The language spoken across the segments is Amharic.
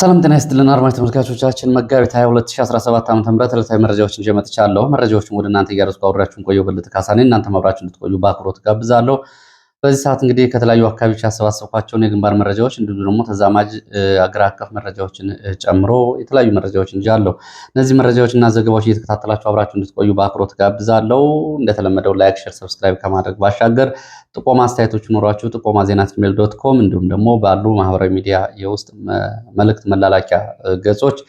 ሰላም ጤና ይስጥልን አድማጭ ተመልካቾቻችን፣ መጋቢት 22 2017 ዓ ም ዕለታዊ መረጃዎችን ጀመጥቻለሁ። መረጃዎችን ወደ እናንተ እያደረስኩ አብሬያችሁን ቆየሁ። በልጥ ካሳኔ እናንተ መብራችሁ እንድትቆዩ በአክብሮት ጋብዛለሁ። በዚህ ሰዓት እንግዲህ ከተለያዩ አካባቢዎች ያሰባሰብኳቸውን የግንባር መረጃዎች እንዲሁ ደግሞ ተዛማጅ አገር አቀፍ መረጃዎችን ጨምሮ የተለያዩ መረጃዎች አለው። እነዚህ መረጃዎችና ዘገባዎች እየተከታተላችሁ አብራችሁ እንድትቆዩ በአክብሮት ጋብዛለሁ። እንደተለመደው ላይክ፣ ሼር፣ ሰብስክራይብ ከማድረግ ባሻገር ጥቆማ አስተያየቶች ኖሯችሁ ጥቆማ ዜና ጂሜል ዶት ኮም እንዲሁም ደግሞ ባሉ ማህበራዊ ሚዲያ የውስጥ መልእክት መላላኪያ ገጾች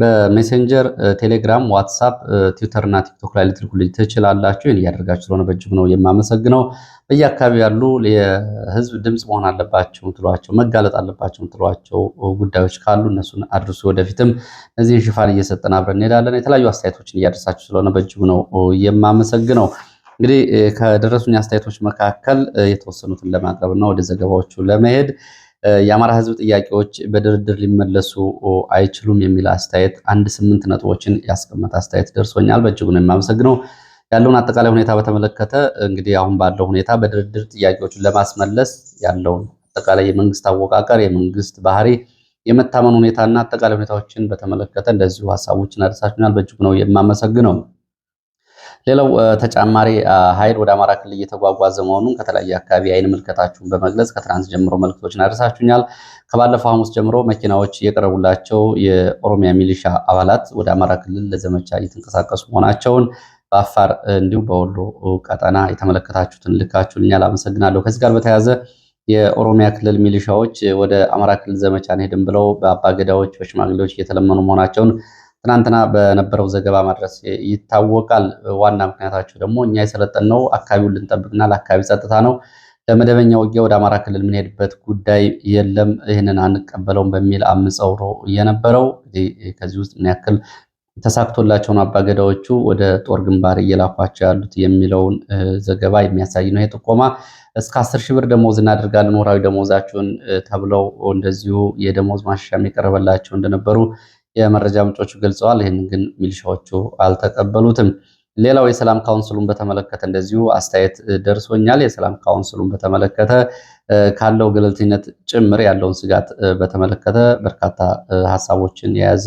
በሜሴንጀር ቴሌግራም፣ ዋትሳፕ፣ ትዊተር እና ቲክቶክ ላይ ልትልኩልኝ ትችላላችሁ። ይህን እያደረጋችሁ ስለሆነ በእጅጉ ነው የማመሰግነው። በየአካባቢ ያሉ የህዝብ ድምፅ መሆን አለባቸው ትሏቸው መጋለጥ አለባቸው ትሏቸው ጉዳዮች ካሉ እነሱን አድርሱ። ወደፊትም እነዚህን ሽፋን እየሰጠን አብረን እንሄዳለን። የተለያዩ አስተያየቶችን እያደረሳችሁ ስለሆነ በእጅጉ ነው የማመሰግነው። እንግዲህ ከደረሱኝ አስተያየቶች መካከል የተወሰኑትን ለማቅረብ እና ወደ ዘገባዎቹ ለመሄድ የአማራ ህዝብ ጥያቄዎች በድርድር ሊመለሱ አይችሉም የሚል አስተያየት አንድ ስምንት ነጥቦችን ያስቀመጠ አስተያየት ደርሶኛል። በእጅጉ ነው የማመሰግነው። ያለውን አጠቃላይ ሁኔታ በተመለከተ እንግዲህ አሁን ባለው ሁኔታ በድርድር ጥያቄዎችን ለማስመለስ ያለውን አጠቃላይ የመንግስት አወቃቀር፣ የመንግስት ባህሪ፣ የመታመን ሁኔታና አጠቃላይ ሁኔታዎችን በተመለከተ እንደዚሁ ሀሳቦችን አደረሳችሁኛል። በእጅጉ ነው የማመሰግነው። ሌላው ተጨማሪ ኃይል ወደ አማራ ክልል እየተጓጓዘ መሆኑን ከተለያየ አካባቢ አይን ምልከታችሁን በመግለጽ ከትናንት ጀምሮ መልክቶችን አድርሳችሁኛል። ከባለፈው ሐሙስ ጀምሮ መኪናዎች የቀረቡላቸው የኦሮሚያ ሚሊሻ አባላት ወደ አማራ ክልል ለዘመቻ እየተንቀሳቀሱ መሆናቸውን በአፋር እንዲሁም በወሎ ቀጠና የተመለከታችሁትን ልካችሁልኛል። አመሰግናለሁ። ከዚህ ጋር በተያያዘ የኦሮሚያ ክልል ሚሊሻዎች ወደ አማራ ክልል ዘመቻ እንሄድም ብለው በአባገዳዎች በሽማግሌዎች እየተለመኑ መሆናቸውን ትናንትና በነበረው ዘገባ ማድረስ ይታወቃል። ዋና ምክንያታቸው ደግሞ እኛ የሰለጠንነው አካባቢውን ልንጠብቅና ለአካባቢ ጸጥታ ነው። ለመደበኛ ውጊያ ወደ አማራ ክልል የምንሄድበት ጉዳይ የለም፣ ይህንን አንቀበለውም በሚል አምፀውሮ ነው የነበረው። ከዚህ ውስጥ ምን ያክል ተሳክቶላቸውን አባገዳዎቹ ወደ ጦር ግንባር እየላኳቸው ያሉት የሚለውን ዘገባ የሚያሳይ ነው። የጥቆማ እስከ አስር ሺህ ብር ደሞዝ እናደርጋለን ወራዊ ደሞዛችሁን ተብለው እንደዚሁ የደሞዝ ማሻሻያ የቀረበላቸው እንደነበሩ የመረጃ ምንጮቹ ገልጸዋል። ይህንን ግን ሚሊሻዎቹ አልተቀበሉትም። ሌላው የሰላም ካውንስሉን በተመለከተ እንደዚሁ አስተያየት ደርሶኛል። የሰላም ካውንስሉን በተመለከተ ካለው ገለልተኝነት ጭምር ያለውን ስጋት በተመለከተ በርካታ ሀሳቦችን የያዘ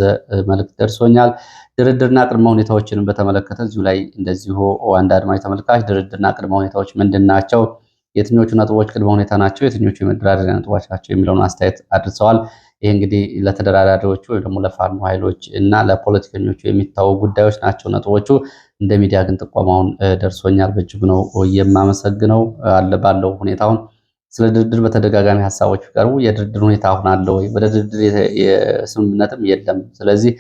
መልእክት ደርሶኛል። ድርድርና ቅድመ ሁኔታዎችንም በተመለከተ እዚሁ ላይ እንደዚሁ አንድ አድማጭ ተመልካች ድርድርና ቅድመ ሁኔታዎች ምንድን ናቸው? የትኞቹ ነጥቦች ቅድመ ሁኔታ ናቸው? የትኞቹ የመደራደሪያ ነጥቦች ናቸው? የሚለውን አስተያየት አድርሰዋል። ይህ እንግዲህ ለተደራዳሪዎቹ ወይም ደግሞ ለፋኖ ኃይሎች እና ለፖለቲከኞቹ የሚታወ ጉዳዮች ናቸው ነጥቦቹ። እንደ ሚዲያ ግን ጥቆማውን ደርሶኛል። በእጅጉ ነው የማመሰግነው። አለ ባለው ሁኔታውን ስለ ድርድር በተደጋጋሚ ሀሳቦች ቢቀርቡ የድርድር ሁኔታ አሁን አለ ወይ? ወደ ድርድር የስምምነትም የለም። ስለዚህ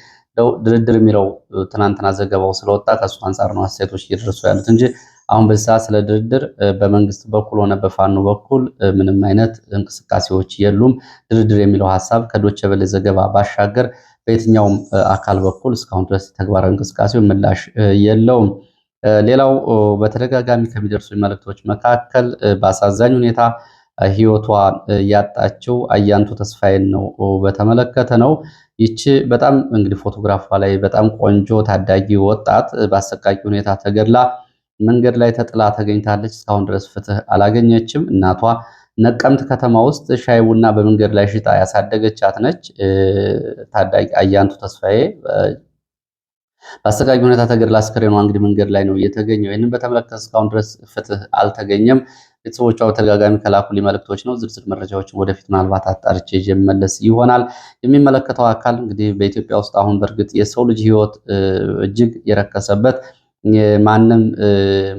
ድርድር የሚለው ትናንትና ዘገባው ስለወጣ ከእሱ አንጻር ነው አስተያየቶች እየደረሱ ያሉት እንጂ አሁን በዚህ ሰዓት ስለ ድርድር በመንግስት በኩል ሆነ በፋኖ በኩል ምንም አይነት እንቅስቃሴዎች የሉም። ድርድር የሚለው ሀሳብ ከዶቼ ቬለ ዘገባ ባሻገር በየትኛውም አካል በኩል እስካሁን ድረስ የተግባራዊ እንቅስቃሴው ምላሽ የለውም። ሌላው በተደጋጋሚ ከሚደርሱ መልእክቶች መካከል በአሳዛኝ ሁኔታ ህይወቷ ያጣችው አያንቱ ተስፋዬን ነው በተመለከተ ነው። ይቺ በጣም እንግዲህ ፎቶግራፏ ላይ በጣም ቆንጆ ታዳጊ ወጣት በአሰቃቂ ሁኔታ ተገድላ መንገድ ላይ ተጥላ ተገኝታለች። እስካሁን ድረስ ፍትህ አላገኘችም። እናቷ ነቀምት ከተማ ውስጥ ሻይ ቡና በመንገድ ላይ ሽጣ ያሳደገቻት ነች። ታዳጊ አያንቱ ተስፋዬ በአሰቃቂ ሁኔታ ተገድላ አስከሬኗ እንግዲህ መንገድ ላይ ነው እየተገኘው። ይህንን በተመለከተ እስካሁን ድረስ ፍትህ አልተገኘም። ቤተሰቦቿ በተደጋጋሚ ከላኩልኝ መልእክቶች ነው። ዝርዝር መረጃዎችን ወደፊት ምናልባት አጣርቼ የመለስ ይሆናል። የሚመለከተው አካል እንግዲህ በኢትዮጵያ ውስጥ አሁን በእርግጥ የሰው ልጅ ህይወት እጅግ የረከሰበት ማንም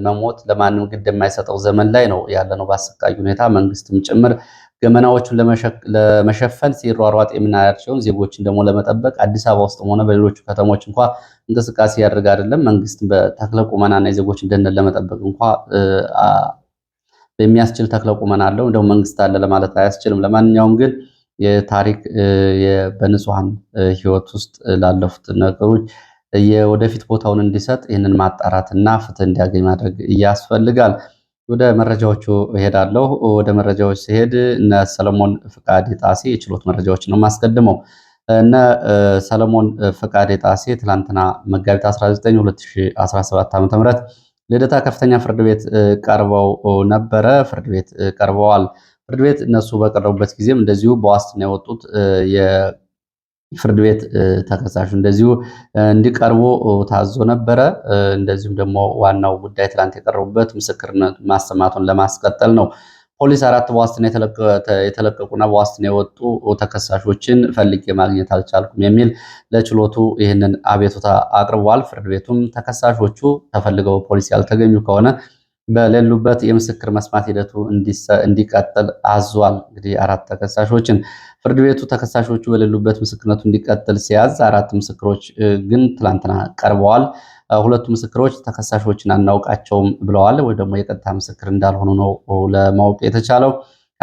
መሞት ለማንም ግድ የማይሰጠው ዘመን ላይ ነው ያለነው። በአሰቃቂ ሁኔታ መንግስትም ጭምር ገመናዎቹን ለመሸፈን ሲሯሯጥ የምናያት ሲሆን ዜጎችን ደግሞ ለመጠበቅ አዲስ አበባ ውስጥም ሆነ በሌሎቹ ከተሞች እንኳ እንቅስቃሴ ያደርግ አይደለም። መንግስት በተክለ ቁመናና የዜጎችን ደህንነት ለመጠበቅ እንኳ የሚያስችል ተክለ ቁመና አለው። እንደውም መንግስት አለ ለማለት አያስችልም። ለማንኛውም ግን የታሪክ በንጹሐን ህይወት ውስጥ ላለፉት ነገሮች የወደፊት ቦታውን እንዲሰጥ ይህንን ማጣራትና ፍትህ እንዲያገኝ ማድረግ ያስፈልጋል። ወደ መረጃዎቹ እሄዳለሁ። ወደ መረጃዎች ሲሄድ እነ ሰለሞን ፍቃድ ጣሴ የችሎት መረጃዎች ነው የማስቀድመው። እነ ሰለሞን ፍቃድ ጣሴ ትላንትና መጋቢት 19 2017 ዓ ም ልደታ ከፍተኛ ፍርድ ቤት ቀርበው ነበረ። ፍርድ ቤት ቀርበዋል። ፍርድ ቤት እነሱ በቀረቡበት ጊዜም እንደዚሁ በዋስትና የወጡት ፍርድ ቤት ተከሳሹ እንደዚሁ እንዲቀርቡ ታዞ ነበረ። እንደዚሁም ደግሞ ዋናው ጉዳይ ትላንት የቀረቡበት ምስክርነት ማሰማቱን ለማስቀጠል ነው። ፖሊስ አራት በዋስትና የተለቀቁና በዋስትና የወጡ ተከሳሾችን ፈልጌ ማግኘት አልቻልኩም የሚል ለችሎቱ ይህንን አቤቱታ አቅርቧል። ፍርድ ቤቱም ተከሳሾቹ ተፈልገው ፖሊስ ያልተገኙ ከሆነ በሌሉበት የምስክር መስማት ሂደቱ እንዲቀጥል አዟል። እንግዲህ አራት ተከሳሾችን ፍርድ ቤቱ ተከሳሾቹ በሌሉበት ምስክርነቱ እንዲቀጥል ሲያዝ፣ አራት ምስክሮች ግን ትላንትና ቀርበዋል። ሁለቱ ምስክሮች ተከሳሾችን አናውቃቸውም ብለዋል፣ ወይ ደግሞ የቀጥታ ምስክር እንዳልሆኑ ነው ለማወቅ የተቻለው።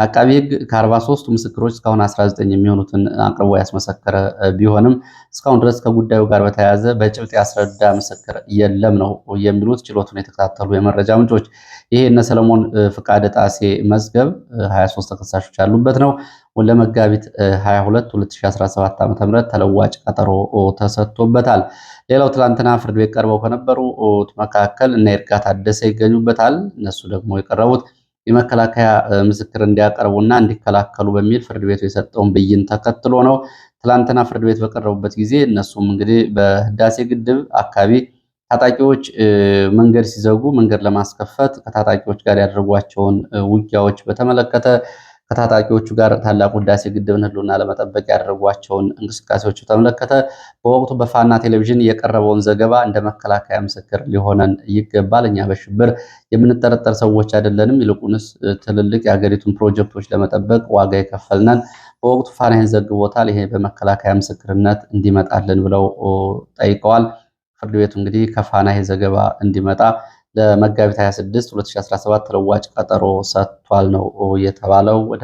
አቃቢ ህግ ከ 43 ምስክሮች እስካሁን 19 የሚሆኑትን አቅርቦ ያስመሰከረ ቢሆንም እስካሁን ድረስ ከጉዳዩ ጋር በተያያዘ በጭብጥ ያስረዳ ምስክር የለም ነው የሚሉት ችሎቱን የተከታተሉ የመረጃ ምንጮች። ይሄ እነ ሰለሞን ፍቃደ ጣሴ መዝገብ 23 ተከሳሾች ያሉበት ነው። ለመጋቢት 22 2017 ዓ.ም ተለዋጭ ቀጠሮ ተሰጥቶበታል። ሌላው ትላንትና ፍርድ ቤት ቀርበው ከነበሩ መካከል እነ ይርጋ ታደሰ ይገኙበታል። እነሱ ደግሞ የቀረቡት የመከላከያ ምስክር እንዲያቀርቡና እንዲከላከሉ በሚል ፍርድ ቤቱ የሰጠውን ብይን ተከትሎ ነው። ትላንትና ፍርድ ቤት በቀረቡበት ጊዜ እነሱም እንግዲህ በህዳሴ ግድብ አካባቢ ታጣቂዎች መንገድ ሲዘጉ መንገድ ለማስከፈት ከታጣቂዎች ጋር ያደረጓቸውን ውጊያዎች በተመለከተ ከታጣቂዎቹ ጋር ታላቁ ህዳሴ ግድብን ህልውና ለመጠበቅ ያደረጓቸውን እንቅስቃሴዎች ተመለከተ። በወቅቱ በፋና ቴሌቪዥን የቀረበውን ዘገባ እንደ መከላከያ ምስክር ሊሆነን ይገባል። እኛ በሽብር የምንጠረጠር ሰዎች አይደለንም። ይልቁንስ ትልልቅ የሀገሪቱን ፕሮጀክቶች ለመጠበቅ ዋጋ የከፈልነን። በወቅቱ ፋና ይህን ዘግቦታል። ይሄ በመከላከያ ምስክርነት እንዲመጣልን ብለው ጠይቀዋል። ፍርድ ቤቱ እንግዲህ ከፋና ይሄ ዘገባ እንዲመጣ ለመጋቢት 26 2017 ተለዋጭ ቀጠሮ ሰጥቷል ነው የተባለው። ወደ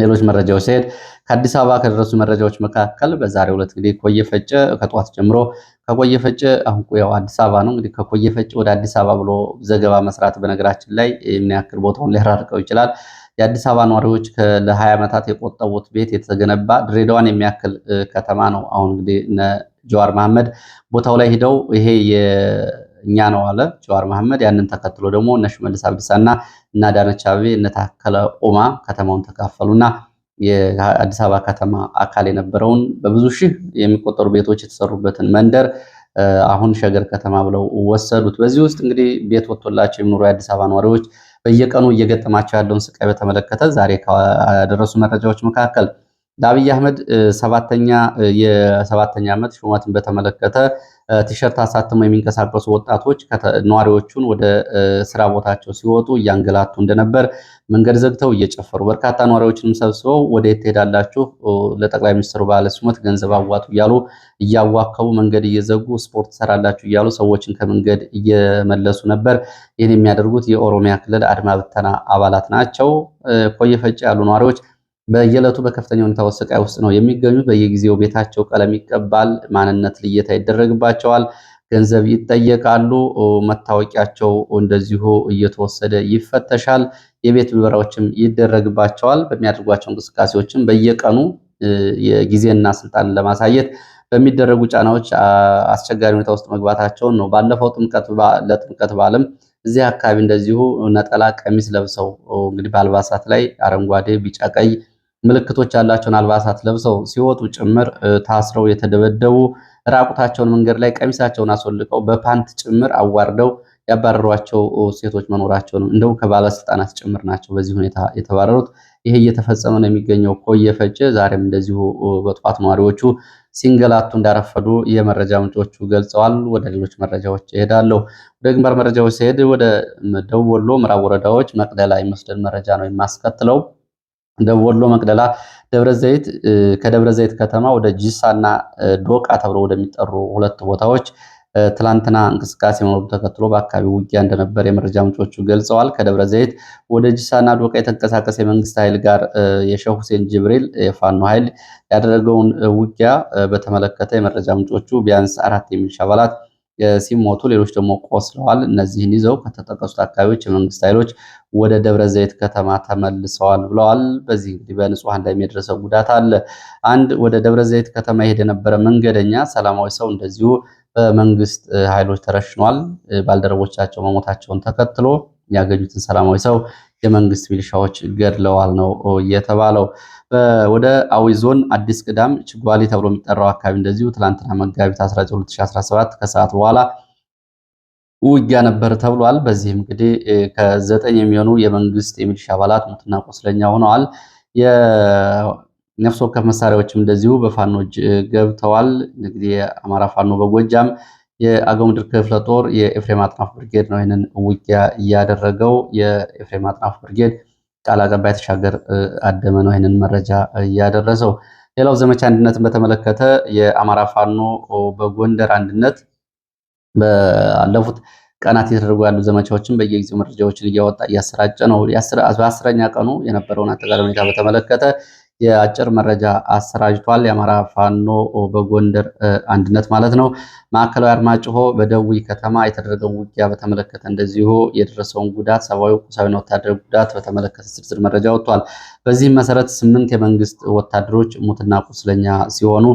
ሌሎች መረጃዎች ሲሄድ ከአዲስ አበባ ከደረሱ መረጃዎች መካከል በዛሬው ዕለት እንግዲህ ኮየ ፈጬ ከጠዋት ጀምሮ ከኮየ ፈጬ አሁን ያው አዲስ አበባ ነው እንግዲህ ከኮየ ፈጬ ወደ አዲስ አበባ ብሎ ዘገባ መስራት በነገራችን ላይ ምን ያክል ቦታውን ሊያራርቀው ይችላል? የአዲስ አበባ ነዋሪዎች ለ20 ዓመታት የቆጠቡት ቤት የተገነባ ድሬዳዋን የሚያክል ከተማ ነው። አሁን እንግዲህ እነ ጀዋር መሐመድ ቦታው ላይ ሂደው ይሄ እኛ ነው አለ ጀዋር መሐመድ። ያንን ተከትሎ ደግሞ እነ ሽመልስ አብዲሳና እና አዳነች አቤቤ እነ ታከለ ኡማ ከተማውን ተካፈሉና የአዲስ አበባ ከተማ አካል የነበረውን በብዙ ሺህ የሚቆጠሩ ቤቶች የተሰሩበትን መንደር አሁን ሸገር ከተማ ብለው ወሰዱት። በዚህ ውስጥ እንግዲህ ቤት ወጥቶላቸው የሚኖሩ የአዲስ አበባ ነዋሪዎች በየቀኑ እየገጠማቸው ያለውን ስቃይ በተመለከተ ዛሬ ከደረሱ መረጃዎች መካከል ለአብይ አህመድ ሰባተኛ የሰባተኛ ዓመት ሹመትን በተመለከተ ቲሸርት አሳትመው የሚንቀሳቀሱ ወጣቶች ነዋሪዎቹን ወደ ስራ ቦታቸው ሲወጡ እያንገላቱ እንደነበር መንገድ ዘግተው እየጨፈሩ በርካታ ነዋሪዎችንም ሰብስበው ወደየት ትሄዳላችሁ? ለጠቅላይ ሚኒስትሩ ባለ ሹመት ገንዘብ አዋጡ እያሉ እያዋከቡ መንገድ እየዘጉ ስፖርት ትሰራላችሁ እያሉ ሰዎችን ከመንገድ እየመለሱ ነበር። ይህን የሚያደርጉት የኦሮሚያ ክልል አድማ ብተና አባላት ናቸው። ኮየ ያሉ ነዋሪዎች በየዕለቱ በከፍተኛ ሁኔታ ወሰቃይ ውስጥ ነው የሚገኙት። በየጊዜው ቤታቸው ቀለም ይቀባል፣ ማንነት ልየታ ይደረግባቸዋል፣ ገንዘብ ይጠየቃሉ፣ መታወቂያቸው እንደዚሁ እየተወሰደ ይፈተሻል፣ የቤት ብልበራዎችም ይደረግባቸዋል። በሚያደርጓቸው እንቅስቃሴዎችም በየቀኑ የጊዜና ስልጣን ለማሳየት በሚደረጉ ጫናዎች አስቸጋሪ ሁኔታ ውስጥ መግባታቸውን ነው። ባለፈው ለጥምቀት በዓልም እዚህ አካባቢ እንደዚሁ ነጠላ ቀሚስ ለብሰው እንግዲህ በአልባሳት ላይ አረንጓዴ፣ ቢጫ፣ ቀይ ምልክቶች ያላቸውን አልባሳት ለብሰው ሲወጡ ጭምር ታስረው የተደበደቡ ራቁታቸውን መንገድ ላይ ቀሚሳቸውን አስወልቀው በፓንት ጭምር አዋርደው ያባረሯቸው ሴቶች መኖራቸውን እንደው ከባለስልጣናት ጭምር ናቸው በዚህ ሁኔታ የተባረሩት። ይሄ እየተፈጸመ ነው የሚገኘው ኮየ ፈጀ ዛሬም እንደዚሁ በጠዋት ነዋሪዎቹ ሲንገላቱ እንዳረፈዱ የመረጃ ምንጮቹ ገልጸዋል። ወደ ሌሎች መረጃዎች እሄዳለሁ። ወደ ግንባር መረጃዎች ሲሄድ ወደ ደቡብ ወሎ ምዕራብ ወረዳዎች መቅደላ የሚወስደን መረጃ ነው የማስከትለው። ወሎ መቅደላ ደብረ ዘይት ከደብረ ዘይት ከተማ ወደ ጂሳና ዶቃ ተብሎ ወደሚጠሩ ሁለት ቦታዎች ትላንትና እንቅስቃሴ መኖሩ ተከትሎ በአካባቢው ውጊያ እንደነበር የመረጃ ምንጮቹ ገልጸዋል። ከደብረ ዘይት ወደ ጅሳና ዶቃ የተንቀሳቀሰ የመንግስት ኃይል ጋር የሸህ ሁሴን ጅብሪል የፋኖ ኃይል ያደረገውን ውጊያ በተመለከተ የመረጃ ምንጮቹ ቢያንስ አራት የሚሊሻ አባላት ሲሞቱ ሌሎች ደግሞ ቆስለዋል። እነዚህን ይዘው ከተጠቀሱት አካባቢዎች የመንግስት ኃይሎች ወደ ደብረ ዘይት ከተማ ተመልሰዋል ብለዋል። በዚህ እንግዲህ በንጹሐን ላይ የደረሰው ጉዳት አለ። አንድ ወደ ደብረ ዘይት ከተማ ይሄድ የነበረ መንገደኛ ሰላማዊ ሰው እንደዚሁ በመንግስት ኃይሎች ተረሽኗል። ባልደረቦቻቸው መሞታቸውን ተከትሎ ያገኙትን ሰላማዊ ሰው የመንግስት ሚሊሻዎች ገድለዋል ነው የተባለው። ወደ አዊ ዞን አዲስ ቅዳም ችጓሊ ተብሎ የሚጠራው አካባቢ እንደዚሁ ትላንትና መጋቢት 192017 ከሰዓት በኋላ ውጊያ ነበር ተብሏል። በዚህም እንግዲህ ከዘጠኝ የሚሆኑ የመንግስት የሚሊሻ አባላት ሙትና ቁስለኛ ሆነዋል። የነፍስ ወከፍ መሳሪያዎችም እንደዚሁ በፋኖ እጅ ገብተዋል። እንግዲህ የአማራ ፋኖ በጎጃም የአገው ምድር ክፍለ ጦር የኤፍሬም አጥናፍ ብርጌድ ነው ይህንን ውጊያ እያደረገው የኤፍሬም አጥናፍ ብርጌድ ቃል አቀባይ ተሻገር አደመ ነው ይህንን መረጃ እያደረሰው። ሌላው ዘመቻ አንድነትን በተመለከተ የአማራ ፋኖ በጎንደር አንድነት ባለፉት ቀናት የተደረጉ ያሉ ዘመቻዎችን በየጊዜው መረጃዎችን እያወጣ እያሰራጨ ነው። በአስረኛ ቀኑ የነበረውን አጠቃላይ ሁኔታ በተመለከተ የአጭር መረጃ አሰራጅቷል። የአማራ ፋኖ በጎንደር አንድነት ማለት ነው። ማዕከላዊ አርማጭሆ በደዊ ከተማ የተደረገውን ውጊያ በተመለከተ እንደዚሁ የደረሰውን ጉዳት ሰብአዊ፣ ቁሳዊና ወታደራዊ ጉዳት በተመለከተ ዝርዝር መረጃ ወጥቷል። በዚህም መሰረት ስምንት የመንግስት ወታደሮች ሙትና ቁስለኛ ሲሆኑ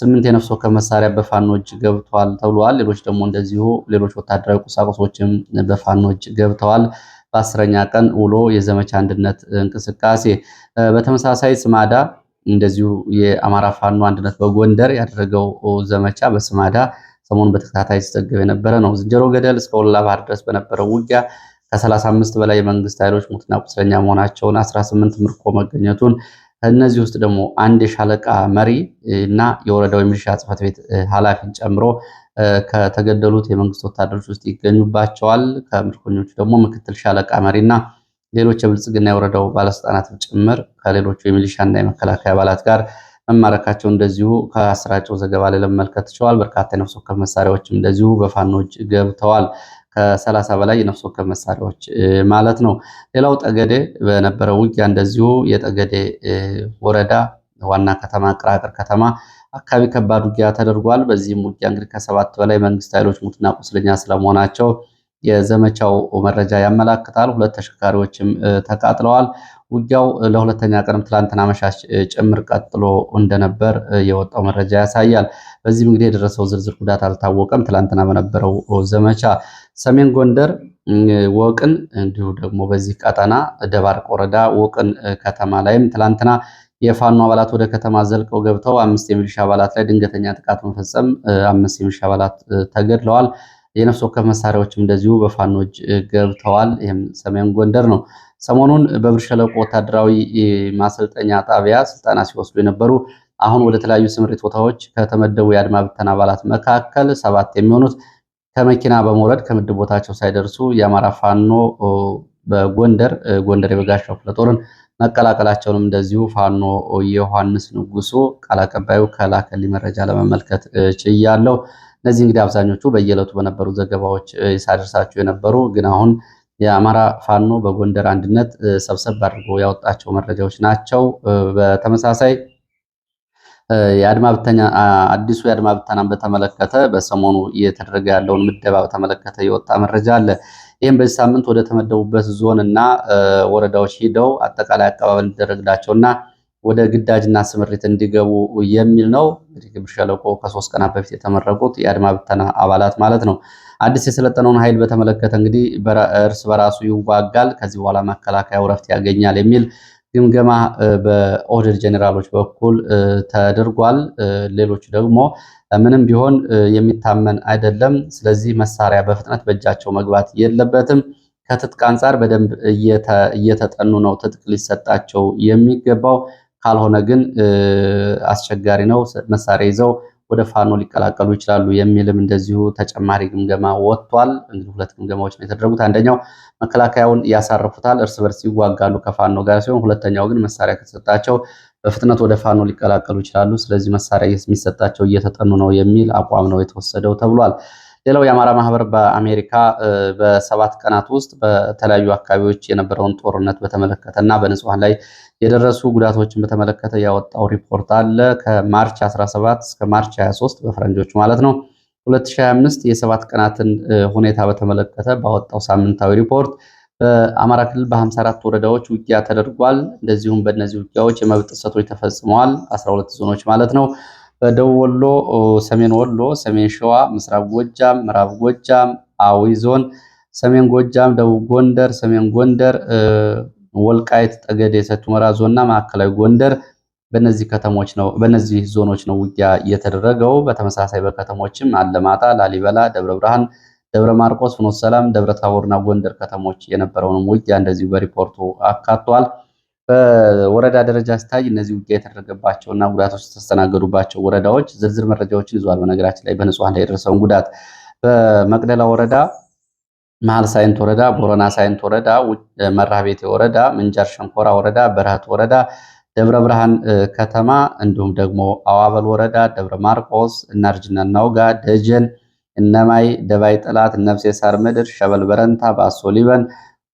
ስምንት የነፍስ ወከፍ መሳሪያ በፋኖ እጅ ገብቷል ተብሏል። ሌሎች ደግሞ እንደዚሁ ሌሎች ወታደራዊ ቁሳቁሶችም በፋኖ እጅ ገብተዋል። በአስረኛ ቀን ውሎ የዘመቻ አንድነት እንቅስቃሴ በተመሳሳይ ስማዳ እንደዚሁ የአማራ ፋኖ አንድነት በጎንደር ያደረገው ዘመቻ በስማዳ ሰሞኑን በተከታታይ ሲዘገብ የነበረ ነው። ዝንጀሮ ገደል እስከ ወላ ባህር ድረስ በነበረው ውጊያ ከ35 በላይ የመንግስት ኃይሎች ሙትና ቁስለኛ መሆናቸውን 18 ምርኮ መገኘቱን ከእነዚህ ውስጥ ደግሞ አንድ የሻለቃ መሪ እና የወረዳው የሚሊሻ ጽፈት ቤት ኃላፊን ጨምሮ ከተገደሉት የመንግስት ወታደሮች ውስጥ ይገኙባቸዋል። ከምርኮኞቹ ደግሞ ምክትል ሻለቃ መሪና ሌሎች የብልጽግና የወረዳው ባለስልጣናት ጭምር ከሌሎቹ የሚሊሻና የመከላከያ አባላት ጋር መማረካቸው እንደዚሁ ከአስራጨው ዘገባ ላይ ለመመልከት ችለዋል። በርካታ የነፍስ ወከፍ መሳሪያዎችም እንደዚሁ በፋኖች ገብተዋል። ከሰላሳ በላይ የነፍስ ወከፍ መሳሪያዎች ማለት ነው። ሌላው ጠገዴ በነበረው ውጊያ እንደዚሁ የጠገዴ ወረዳ ዋና ከተማ ቅራቅር ከተማ አካባቢ ከባድ ውጊያ ተደርጓል። በዚህም ውጊያ እንግዲህ ከሰባት በላይ መንግስት ኃይሎች ሙትና ቁስለኛ ስለመሆናቸው የዘመቻው መረጃ ያመላክታል። ሁለት ተሽከርካሪዎችም ተቃጥለዋል። ውጊያው ለሁለተኛ ቀንም ትላንትና መሻሽ ጭምር ቀጥሎ እንደነበር የወጣው መረጃ ያሳያል። በዚህም እንግዲህ የደረሰው ዝርዝር ጉዳት አልታወቀም። ትላንትና በነበረው ዘመቻ ሰሜን ጎንደር ወቅን እንዲሁ ደግሞ በዚህ ቀጠና ደባርቅ ወረዳ ወቅን ከተማ ላይም ትላንትና የፋኖ አባላት ወደ ከተማ ዘልቀው ገብተው አምስት የሚሊሻ አባላት ላይ ድንገተኛ ጥቃት መፈጸም አምስት የሚሊሻ አባላት ተገድለዋል። የነፍስ ወከፍ መሳሪያዎችም እንደዚሁ እጅ ገብተዋል። ይህም ሰሜን ጎንደር ነው። ሰሞኑን በብር ሸለቆ ወታደራዊ ማሰልጠኛ ጣቢያ ስልጠና ሲወስዱ የነበሩ አሁን ወደ ተለያዩ ስምሪት ቦታዎች ከተመደቡ የአድማ ብተና አባላት መካከል ሰባት የሚሆኑት ከመኪና በመውረድ ከምድብ ቦታቸው ሳይደርሱ የአማራ ፋኖ በጎንደር ጎንደር የበጋሻው ክፍለ ጦርን መቀላቀላቸውንም እንደዚሁ ፋኖ ዮሐንስ ንጉሱ ቃል አቀባዩ ከላከልኝ መረጃ ለመመልከት ችያለሁ። እነዚህ እንግዲህ አብዛኞቹ በየዕለቱ በነበሩ ዘገባዎች ሳደርሳቸው የነበሩ ግን አሁን የአማራ ፋኖ በጎንደር አንድነት ሰብሰብ አድርጎ ያወጣቸው መረጃዎች ናቸው። በተመሳሳይ የአድማ ብተኛ አዲሱ የአድማ ብተናን በተመለከተ በሰሞኑ እየተደረገ ያለውን ምደባ በተመለከተ የወጣ መረጃ አለ። ይህም በዚህ ሳምንት ወደ ተመደቡበት ዞን እና ወረዳዎች ሂደው አጠቃላይ አቀባበል እንዲደረግላቸውና ወደ ግዳጅና ስምሪት እንዲገቡ የሚል ነው። እንግዲህ ግብር ሸለቆ ከሶስት ቀናት በፊት የተመረቁት የአድማ ብተና አባላት ማለት ነው። አዲስ የሰለጠነውን ኃይል በተመለከተ እንግዲህ እርስ በራሱ ይዋጋል፣ ከዚህ በኋላ መከላከያው ረፍት ያገኛል የሚል ግምገማ በኦህደድ ጀኔራሎች በኩል ተደርጓል። ሌሎቹ ደግሞ ምንም ቢሆን የሚታመን አይደለም፣ ስለዚህ መሳሪያ በፍጥነት በእጃቸው መግባት የለበትም፣ ከትጥቅ አንጻር በደንብ እየተጠኑ ነው ትጥቅ ሊሰጣቸው የሚገባው፣ ካልሆነ ግን አስቸጋሪ ነው መሳሪያ ይዘው ወደ ፋኖ ሊቀላቀሉ ይችላሉ የሚልም እንደዚሁ ተጨማሪ ግምገማ ወጥቷል። እንግዲህ ሁለት ግምገማዎች ነው የተደረጉት። አንደኛው መከላከያውን ያሳርፉታል፣ እርስ በርስ ይዋጋሉ ከፋኖ ጋር ሲሆን፣ ሁለተኛው ግን መሳሪያ ከተሰጣቸው በፍጥነት ወደ ፋኖ ሊቀላቀሉ ይችላሉ። ስለዚህ መሳሪያ የሚሰጣቸው እየተጠኑ ነው የሚል አቋም ነው የተወሰደው ተብሏል። ሌላው የአማራ ማህበር በአሜሪካ በሰባት ቀናት ውስጥ በተለያዩ አካባቢዎች የነበረውን ጦርነት በተመለከተ እና በንጹሐን ላይ የደረሱ ጉዳቶችን በተመለከተ ያወጣው ሪፖርት አለ። ከማርች 17 እስከ ማርች 23 በፈረንጆች ማለት ነው 2025 የሰባት ቀናትን ሁኔታ በተመለከተ ባወጣው ሳምንታዊ ሪፖርት በአማራ ክልል በ54 ወረዳዎች ውጊያ ተደርጓል። እንደዚሁም በእነዚህ ውጊያዎች የመብት ጥሰቶች ተፈጽመዋል። 12 ዞኖች ማለት ነው በደቡብ ወሎ፣ ሰሜን ወሎ፣ ሰሜን ሸዋ፣ ምስራቅ ጎጃም፣ ምዕራብ ጎጃም፣ አዊ ዞን፣ ሰሜን ጎጃም፣ ደቡብ ጎንደር፣ ሰሜን ጎንደር፣ ወልቃይት ጠገዴ፣ ሰቲት ሁመራ ዞን እና ማዕከላዊ ጎንደር በነዚህ ከተሞች ነው በነዚህ ዞኖች ነው ውጊያ የተደረገው። በተመሳሳይ በከተሞችም አለማጣ፣ ላሊበላ፣ ደብረ ብርሃን፣ ደብረ ማርቆስ፣ ፍኖተ ሰላም፣ ደብረ ታቦርና ጎንደር ከተሞች የነበረውንም ውጊያ እንደዚሁ በሪፖርቱ አካቷል። በወረዳ ደረጃ ሲታይ እነዚህ ውጊያ እና ጉዳቶች የተስተናገዱባቸው ወረዳዎች ዝርዝር መረጃዎችን ይዟል። በነገራችን ላይ በንጹሐን ላይ የደረሰውን ጉዳት በመቅደላ ወረዳ፣ መሀል ሳይንት ወረዳ፣ ቦረና ሳይንት ወረዳ፣ መራቤቴ ወረዳ፣ ምንጃር ሸንኮራ ወረዳ፣ በረሃት ወረዳ፣ ደብረ ብርሃን ከተማ እንዲሁም ደግሞ አዋበል ወረዳ፣ ደብረ ማርቆስ፣ እናርጅና እናውጋ፣ ደጀን፣ እነማይ፣ ደባይ፣ ጥላት፣ ነፍሴ ሳር ምድር፣ ሸበል በረንታ፣ ባሶ ሊበን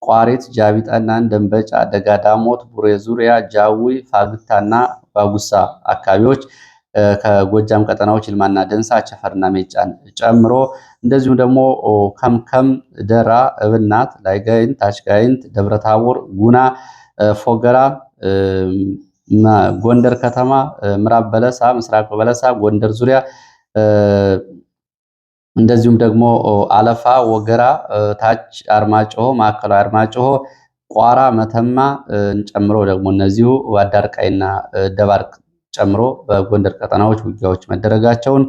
ቋሪት፣ ጃቢጠናን፣ ደንበጫ፣ ደጋ ዳሞት፣ ቡሬ ዙሪያ፣ ጃዊ፣ ፋግታና ባጉሳ አካባቢዎች ከጎጃም ቀጠናዎች ይልማና ደንሳ፣ ቸፈርና ሜጫን ጨምሮ እንደዚሁም ደግሞ ከምከም፣ ደራ፣ እብናት፣ ላይጋይንት፣ ታችጋይንት፣ ደብረታቦር፣ ጉና፣ ፎገራ፣ ጎንደር ከተማ፣ ምዕራብ በለሳ፣ ምስራቅ በለሳ፣ ጎንደር ዙሪያ እንደዚሁም ደግሞ አለፋ፣ ወገራ፣ ታች አርማጭሆ፣ ማዕከላዊ አርማጭሆ፣ ቋራ፣ መተማ ጨምሮ ደግሞ እነዚሁ አዳርቃይና ደባርቅ ጨምሮ በጎንደር ቀጠናዎች ውጊያዎች መደረጋቸውን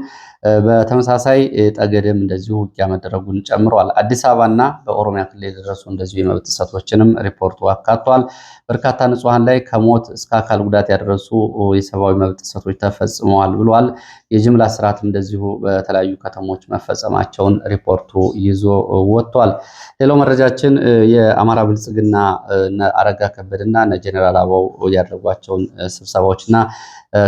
በተመሳሳይ ጠገደም እንደዚሁ ውጊያ መደረጉን ጨምሯል። አዲስ አበባና በኦሮሚያ ክልል የደረሱ እንደዚሁ የመብት ጥሰቶችንም ሪፖርቱ አካቷል። በርካታ ንጹሐን ላይ ከሞት እስከ አካል ጉዳት ያደረሱ የሰብአዊ መብት ጥሰቶች ተፈጽመዋል ብሏል። የጅምላ ስርዓትም እንደዚሁ በተለያዩ ከተሞች መፈጸማቸውን ሪፖርቱ ይዞ ወጥቷል። ሌላው መረጃችን የአማራ ብልጽግና አረጋ ከበድና ጀኔራል አበባው ያደረጓቸውን ስብሰባዎችና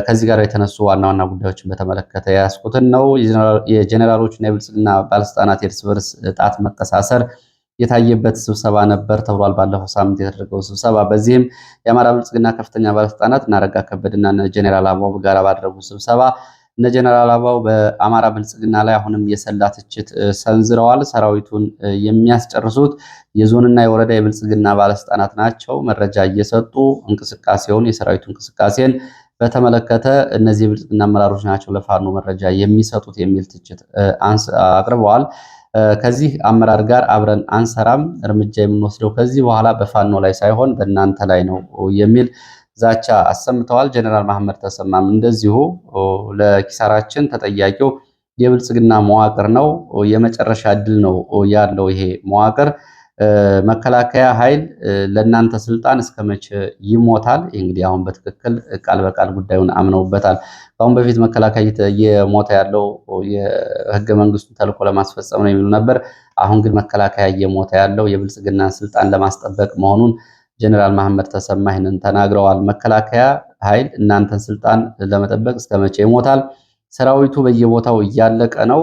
ከዚህ ጋር የተነሱ ዋና ዋና ጉዳዮችን በተመለከተ ያስቁትን ነው። የተነሳው የጀኔራሎችና የብልጽግና ባለስልጣናት የእርስ በርስ ጣት መቀሳሰር የታየበት ስብሰባ ነበር ተብሏል። ባለፈው ሳምንት የተደረገው ስብሰባ በዚህም የአማራ ብልጽግና ከፍተኛ ባለስልጣናት እና አረጋ ከበድና ጀኔራል አበባው በጋራ ባደረጉ ስብሰባ እነ ጀኔራል አበባው በአማራ ብልጽግና ላይ አሁንም የሰላ ትችት ሰንዝረዋል። ሰራዊቱን የሚያስጨርሱት የዞንና የወረዳ የብልጽግና ባለስልጣናት ናቸው። መረጃ እየሰጡ እንቅስቃሴውን የሰራዊቱ እንቅስቃሴን በተመለከተ እነዚህ የብልጽግና አመራሮች ናቸው ለፋኖ መረጃ የሚሰጡት የሚል ትችት አቅርበዋል። ከዚህ አመራር ጋር አብረን አንሰራም፣ እርምጃ የምንወስደው ከዚህ በኋላ በፋኖ ላይ ሳይሆን በእናንተ ላይ ነው የሚል ዛቻ አሰምተዋል። ጀኔራል መሐመድ ተሰማም እንደዚሁ ለኪሳራችን ተጠያቂው የብልጽግና መዋቅር ነው፣ የመጨረሻ እድል ነው ያለው ይሄ መዋቅር መከላከያ ኃይል ለእናንተ ስልጣን እስከ መቼ ይሞታል? እንግዲህ አሁን በትክክል ቃል በቃል ጉዳዩን አምነውበታል። ከአሁን በፊት መከላከያ እየሞተ ያለው የህገ መንግስቱን ተልኮ ለማስፈጸም ነው የሚሉ ነበር። አሁን ግን መከላከያ እየሞተ ያለው የብልጽግና ስልጣን ለማስጠበቅ መሆኑን ጀኔራል መሐመድ ተሰማ ይህንን ተናግረዋል። መከላከያ ኃይል እናንተን ስልጣን ለመጠበቅ እስከ መቼ ይሞታል? ሰራዊቱ በየቦታው እያለቀ ነው።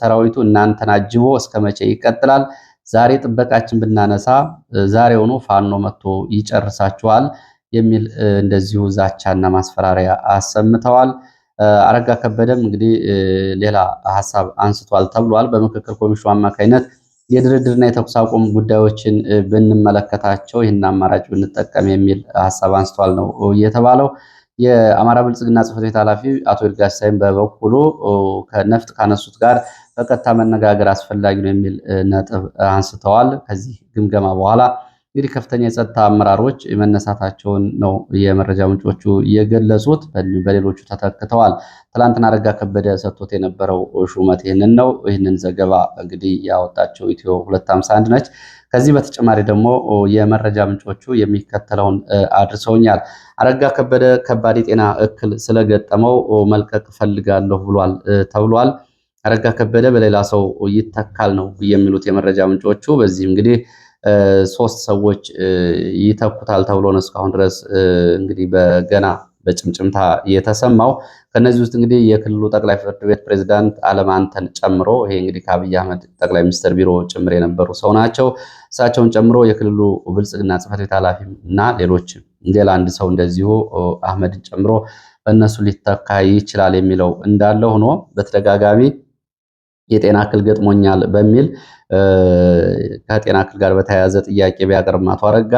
ሰራዊቱ እናንተን አጅቦ እስከ መቼ ይቀጥላል? ዛሬ ጥበቃችን ብናነሳ ዛሬውኑ ፋኖ መጥቶ ይጨርሳችኋል የሚል እንደዚሁ ዛቻና ማስፈራሪያ አሰምተዋል። አረጋ ከበደም እንግዲህ ሌላ ሀሳብ አንስቷል ተብሏል። በምክክር ኮሚሽኑ አማካኝነት የድርድርና የተኩስ አቁም ጉዳዮችን ብንመለከታቸው ይህን አማራጭ ብንጠቀም የሚል ሀሳብ አንስቷል ነው የተባለው። የአማራ ብልጽግና ጽህፈት ቤት ኃላፊ አቶ ይልቃል ሲሳይን በበኩሉ ከነፍጥ ካነሱት ጋር በቀጥታ መነጋገር አስፈላጊ ነው የሚል ነጥብ አንስተዋል። ከዚህ ግምገማ በኋላ እንግዲህ ከፍተኛ የጸጥታ አመራሮች መነሳታቸውን ነው የመረጃ ምንጮቹ የገለጹት። በሌሎቹ ተተክተዋል። ትላንትና አረጋ ከበደ ሰጥቶት የነበረው ሹመት ይህንን ነው። ይህንን ዘገባ እንግዲህ ያወጣቸው ኢትዮ 251 ነች። ከዚህ በተጨማሪ ደግሞ የመረጃ ምንጮቹ የሚከተለውን አድርሰውኛል። አረጋ ከበደ ከባድ የጤና እክል ስለገጠመው መልቀቅ ፈልጋለሁ ብሏል ተብሏል። አረጋ ከበደ በሌላ ሰው ይተካል ነው የሚሉት የመረጃ ምንጮቹ። በዚህም እንግዲህ ሶስት ሰዎች ይተኩታል ተብሎ ነው እስካሁን ድረስ እንግዲህ በገና በጭምጭምታ የተሰማው። ከነዚህ ውስጥ እንግዲህ የክልሉ ጠቅላይ ፍርድ ቤት ፕሬዝዳንት አለማንተን ጨምሮ ይሄ እንግዲህ ከአብይ አህመድ ጠቅላይ ሚኒስትር ቢሮ ጭምር የነበሩ ሰው ናቸው። እሳቸውን ጨምሮ የክልሉ ብልጽግና ጽሕፈት ቤት ኃላፊ እና ሌሎች ሌላ አንድ ሰው እንደዚሁ አህመድን ጨምሮ በእነሱ ሊተካ ይችላል የሚለው እንዳለ ሆኖ በተደጋጋሚ የጤና እክል ገጥሞኛል በሚል ከጤና እክል ጋር በተያያዘ ጥያቄ ቢያቀርብም አቶ አረጋ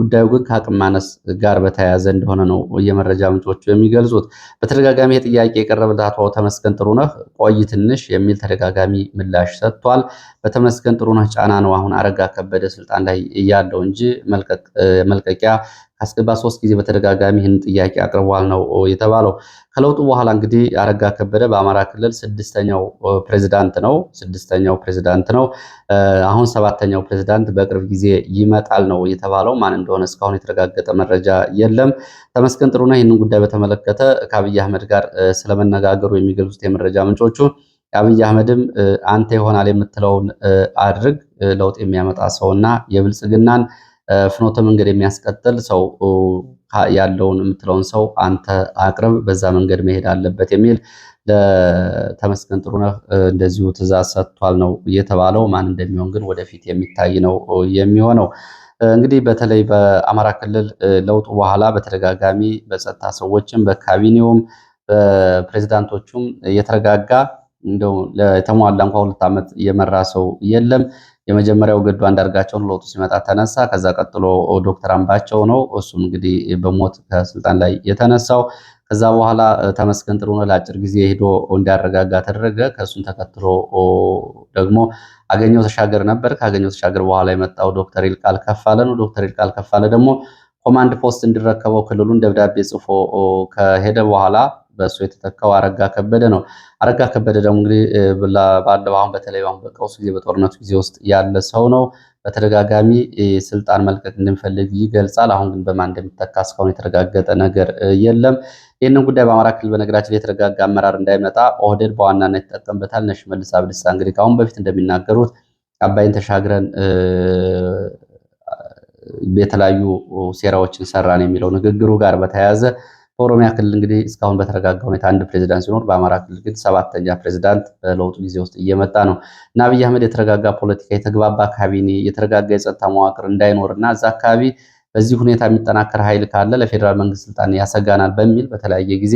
ጉዳዩ ግን ከአቅም ማነስ ጋር በተያያዘ እንደሆነ ነው የመረጃ ምንጮቹ የሚገልጹት። በተደጋጋሚ የጥያቄ የቀረበለት አቶ ተመስገን ጥሩነህ ቆይ ትንሽ የሚል ተደጋጋሚ ምላሽ ሰጥቷል። በተመስገን ጥሩነህ ጫና ነው አሁን አረጋ ከበደ ስልጣን ላይ ያለው እንጂ መልቀቂያ ሶስት ጊዜ በተደጋጋሚ ይህን ጥያቄ አቅርቧል ነው የተባለው። ከለውጡ በኋላ እንግዲህ አረጋ ከበደ በአማራ ክልል ስድስተኛው ፕሬዚዳንት ነው ስድስተኛው ፕሬዚዳንት ነው። አሁን ሰባተኛው ፕሬዚዳንት በቅርብ ጊዜ ይመጣል ነው የተባለው። ማን እንደሆነ እስካሁን የተረጋገጠ መረጃ የለም። ተመስገን ጥሩነህ ይህንን ጉዳይ በተመለከተ ከአብይ አህመድ ጋር ስለመነጋገሩ የሚገልጹት የመረጃ ምንጮቹ አብይ አህመድም አንተ ይሆናል የምትለውን አድርግ ለውጥ የሚያመጣ ሰውና የብልጽግናን ፍኖተ መንገድ የሚያስቀጥል ሰው ያለውን የምትለውን ሰው አንተ አቅርብ፣ በዛ መንገድ መሄድ አለበት የሚል ለተመስገን ጥሩነህ እንደዚሁ ትእዛዝ ሰጥቷል ነው እየተባለው። ማን እንደሚሆን ግን ወደፊት የሚታይ ነው የሚሆነው። እንግዲህ በተለይ በአማራ ክልል ለውጡ በኋላ በተደጋጋሚ በጸጥታ ሰዎችም በካቢኔውም በፕሬዚዳንቶቹም የተረጋጋ እንደው የተሟላ እንኳ ሁለት ዓመት የመራ ሰው የለም። የመጀመሪያው ገዱ አንዳርጋቸውን ለውጡ ሲመጣ ተነሳ። ከዛ ቀጥሎ ዶክተር አምባቸው ነው። እሱም እንግዲህ በሞት ከስልጣን ላይ የተነሳው። ከዛ በኋላ ተመስገን ነው ለአጭር ጊዜ ሄዶ እንዲያረጋጋ ተደረገ። ከእሱን ተከትሎ ደግሞ አገኘው ተሻገር ነበር። ከአገኘው ተሻገር በኋላ የመጣው ዶክተር ይልቃል ከፋለ ነው። ዶክተር ይልቃል ከፋለ ደግሞ ኮማንድ ፖስት እንዲረከበው ክልሉን ደብዳቤ ጽፎ ከሄደ በኋላ በእሱ የተተካው አረጋ ከበደ ነው። አረጋ ከበደ ደግሞ እንግዲህ ባለው አሁን በተለይ አሁን በቀውስ ጊዜ በጦርነቱ ጊዜ ውስጥ ያለ ሰው ነው። በተደጋጋሚ ስልጣን መልቀቅ እንደሚፈልግ ይገልጻል። አሁን ግን በማን እንደሚተካ እስካሁን የተረጋገጠ ነገር የለም። ይህንን ጉዳይ በአማራ ክልል በነገራችን የተረጋጋ አመራር እንዳይመጣ ኦህዴድ በዋናነት ይጠቀምበታል። እነ ሽመልስ አብዲሳ እንግዲህ ከአሁን በፊት እንደሚናገሩት አባይን ተሻግረን የተለያዩ ሴራዎችን ሰራን የሚለው ንግግሩ ጋር በተያያዘ በኦሮሚያ ክልል እንግዲህ እስካሁን በተረጋጋ ሁኔታ አንድ ፕሬዚዳንት ሲኖር በአማራ ክልል ግን ሰባተኛ ፕሬዚዳንት በለውጡ ጊዜ ውስጥ እየመጣ ነው እና አብይ አህመድ የተረጋጋ ፖለቲካ፣ የተግባባ ካቢኔ፣ የተረጋጋ የጸጥታ መዋቅር እንዳይኖር እና እዛ አካባቢ በዚህ ሁኔታ የሚጠናከር ኃይል ካለ ለፌዴራል መንግስት ስልጣን ያሰጋናል በሚል በተለያየ ጊዜ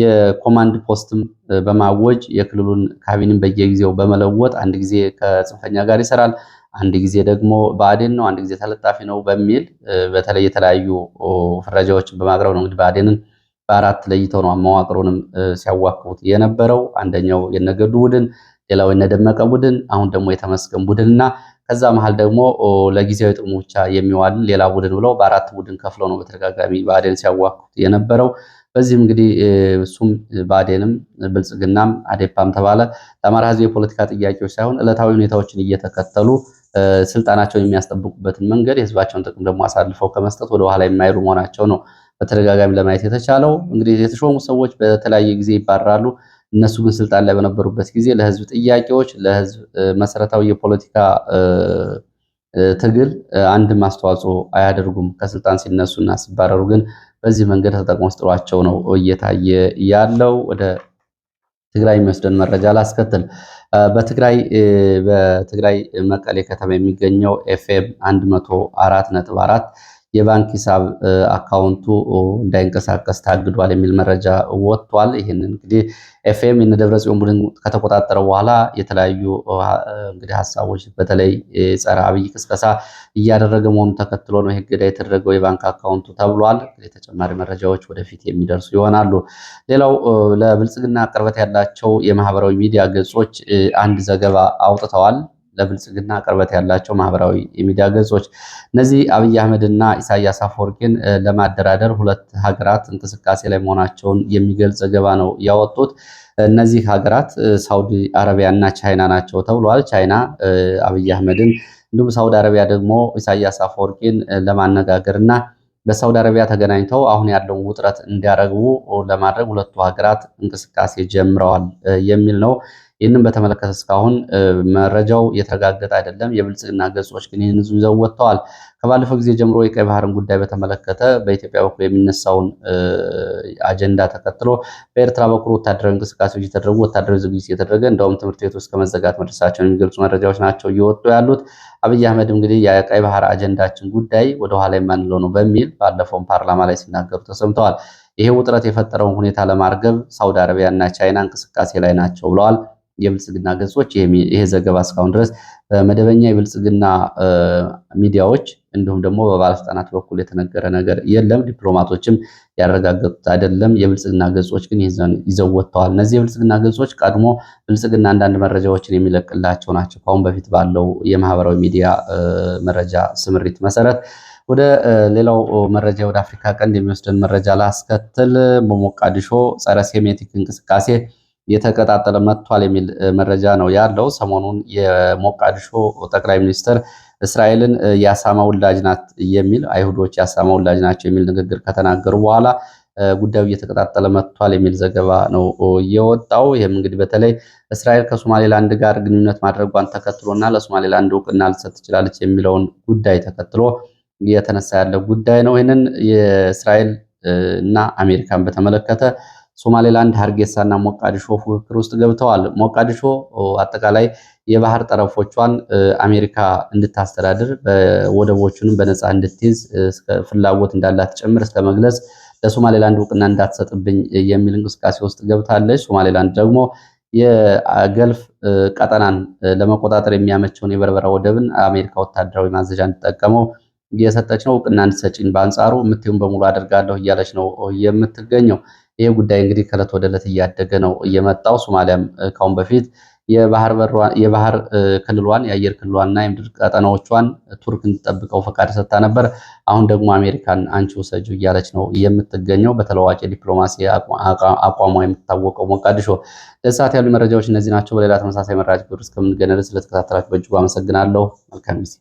የኮማንድ ፖስትም በማወጅ የክልሉን ካቢኔም በየጊዜው በመለወጥ አንድ ጊዜ ከጽንፈኛ ጋር ይሰራል፣ አንድ ጊዜ ደግሞ ብአዴን ነው፣ አንድ ጊዜ ተለጣፊ ነው በሚል በተለይ የተለያዩ ፍረጃዎችን በማቅረብ ነው እንግዲህ ብአዴንን በአራት ለይተው ነው መዋቅሩንም ሲያዋክቡት የነበረው። አንደኛው የነገዱ ቡድን፣ ሌላው የነደመቀ ቡድን፣ አሁን ደግሞ የተመስገን ቡድን እና ከዛ መሀል ደግሞ ለጊዜያዊ ጥቅሙ ብቻ የሚዋል ሌላ ቡድን ብለው በአራት ቡድን ከፍለው ነው በተደጋጋሚ ብአዴን ሲያዋክቡት የነበረው። በዚህም እንግዲህ እሱም ብአዴንም ብልጽግናም አዴፓም ተባለ ለአማራ ሕዝብ የፖለቲካ ጥያቄዎች ሳይሆን ዕለታዊ ሁኔታዎችን እየተከተሉ ስልጣናቸውን የሚያስጠብቁበትን መንገድ የህዝባቸውን ጥቅም ደግሞ አሳልፈው ከመስጠት ወደ ኋላ የማይሉ መሆናቸው ነው በተደጋጋሚ ለማየት የተቻለው እንግዲህ የተሾሙ ሰዎች በተለያየ ጊዜ ይባረራሉ። እነሱ ግን ስልጣን ላይ በነበሩበት ጊዜ ለህዝብ ጥያቄዎች፣ ለህዝብ መሰረታዊ የፖለቲካ ትግል አንድም አስተዋጽኦ አያደርጉም። ከስልጣን ሲነሱና ሲባረሩ ግን በዚህ መንገድ ተጠቅሞ ስጥሯቸው ነው እየታየ ያለው። ወደ ትግራይ የሚወስደን መረጃ ላስከትል። በትግራይ በትግራይ መቀሌ ከተማ የሚገኘው ኤፍኤም አራት የባንክ ሂሳብ አካውንቱ እንዳይንቀሳቀስ ታግዷል የሚል መረጃ ወጥቷል። ይህን እንግዲህ ኤፍኤም የነደብረ ጽዮን ቡድን ከተቆጣጠረ በኋላ የተለያዩ እንግዲህ ሀሳቦች በተለይ ጸረ አብይ ቅስቀሳ እያደረገ መሆኑ ተከትሎ ነው ይህ እገዳ የተደረገው የባንክ አካውንቱ ተብሏል። ተጨማሪ መረጃዎች ወደፊት የሚደርሱ ይሆናሉ። ሌላው ለብልጽግና ቅርበት ያላቸው የማህበራዊ ሚዲያ ገጾች አንድ ዘገባ አውጥተዋል። ለብልጽግና ቅርበት ያላቸው ማህበራዊ የሚዲያ ገጾች እነዚህ አብይ አህመድና ኢሳያስ አፈወርቂን ለማደራደር ሁለት ሀገራት እንቅስቃሴ ላይ መሆናቸውን የሚገልጽ ዘገባ ነው ያወጡት። እነዚህ ሀገራት ሳውዲ አረቢያ እና ቻይና ናቸው ተብሏል። ቻይና አብይ አህመድን እንዲሁም ሳውዲ አረቢያ ደግሞ ኢሳያስ አፈወርቂን ለማነጋገር እና በሳውዲ አረቢያ ተገናኝተው አሁን ያለውን ውጥረት እንዲያረግቡ ለማድረግ ሁለቱ ሀገራት እንቅስቃሴ ጀምረዋል የሚል ነው። ይህንን በተመለከተ እስካሁን መረጃው የተረጋገጠ አይደለም። የብልጽግና ገጾች ግን ይህን ይዘው ወጥተዋል። ከባለፈው ጊዜ ጀምሮ የቀይ ባህርን ጉዳይ በተመለከተ በኢትዮጵያ በኩል የሚነሳውን አጀንዳ ተከትሎ በኤርትራ በኩል ወታደራዊ እንቅስቃሴዎች እየተደረጉ ወታደራዊ ዝግጅት እየተደረገ እንደውም ትምህርት ቤት ውስጥ ከመዘጋት መድረሳቸውን የሚገልጹ መረጃዎች ናቸው እየወጡ ያሉት። አብይ አህመድ እንግዲህ የቀይ ባህር አጀንዳችን ጉዳይ ወደኋላ የማንለው ነው በሚል ባለፈውም ፓርላማ ላይ ሲናገሩ ተሰምተዋል። ይሄ ውጥረት የፈጠረውን ሁኔታ ለማርገብ ሳውዲ አረቢያ እና ቻይና እንቅስቃሴ ላይ ናቸው ብለዋል። የብልጽግና ገጾች ይሄ ዘገባ እስካሁን ድረስ በመደበኛ የብልጽግና ሚዲያዎች እንዲሁም ደግሞ በባለስልጣናት በኩል የተነገረ ነገር የለም። ዲፕሎማቶችም ያረጋገጡት አይደለም። የብልጽግና ገጾች ግን ይዘወጥተዋል። እነዚህ የብልጽግና ገጾች ቀድሞ ብልጽግና አንዳንድ መረጃዎችን የሚለቅላቸው ናቸው። ከአሁን በፊት ባለው የማህበራዊ ሚዲያ መረጃ ስምሪት መሰረት ወደ ሌላው መረጃ ወደ አፍሪካ ቀንድ የሚወስደን መረጃ ላስከትል። በሞቃዲሾ ጸረ ሴሜቲክ እንቅስቃሴ የተቀጣጠለ መጥቷል የሚል መረጃ ነው ያለው። ሰሞኑን የሞቃዲሾ ጠቅላይ ሚኒስትር እስራኤልን የአሳማ ውላጅ ናት የሚል አይሁዶች የአሳማ ውላጅ ናቸው የሚል ንግግር ከተናገሩ በኋላ ጉዳዩ እየተቀጣጠለ መጥቷል የሚል ዘገባ ነው የወጣው። ይህም እንግዲህ በተለይ እስራኤል ከሶማሌላንድ ጋር ግንኙነት ማድረጓን ተከትሎና ለሶማሌላንድ እውቅና ልትሰጥ ትችላለች የሚለውን ጉዳይ ተከትሎ እየተነሳ ያለ ጉዳይ ነው። ይህንን የእስራኤል እና አሜሪካን በተመለከተ ሶማሌላንድ ሀርጌሳና ሞቃዲሾ ፉክክር ውስጥ ገብተዋል። ሞቃዲሾ አጠቃላይ የባህር ጠረፎቿን አሜሪካ እንድታስተዳድር ወደቦቹንም በነፃ እንድትይዝ ፍላጎት እንዳላት ጭምር እስከ መግለጽ ለሶማሌላንድ እውቅና እንዳትሰጥብኝ የሚል እንቅስቃሴ ውስጥ ገብታለች። ሶማሌላንድ ደግሞ የገልፍ ቀጠናን ለመቆጣጠር የሚያመቸውን የበርበራ ወደብን አሜሪካ ወታደራዊ ማዘዣ እንድጠቀመው እየሰጠች ነው። እውቅና እንድትሰጪን በአንጻሩ ምትሁን በሙሉ አደርጋለሁ እያለች ነው የምትገኘው። ይህ ጉዳይ እንግዲህ ከእለት ወደ ዕለት እያደገ ነው እየመጣው። ሶማሊያም ካሁን በፊት የባህር ክልሏን የአየር ክልሏንና የምድር ቀጠናዎቿን ቱርክ እንድጠብቀው ፈቃድ ሰጥታ ነበር። አሁን ደግሞ አሜሪካን አንቺ ውሰጁ እያለች ነው የምትገኘው። በተለዋጭ ዲፕሎማሲ አቋሟ የምትታወቀው ሞቃዲሾ። ለሰዓት ያሉ መረጃዎች እነዚህ ናቸው። በሌላ ተመሳሳይ መራጭ ግብር እስከምንገናኝ ስለተከታተላችሁ በእጅጉ አመሰግናለሁ። መልካም ጊዜ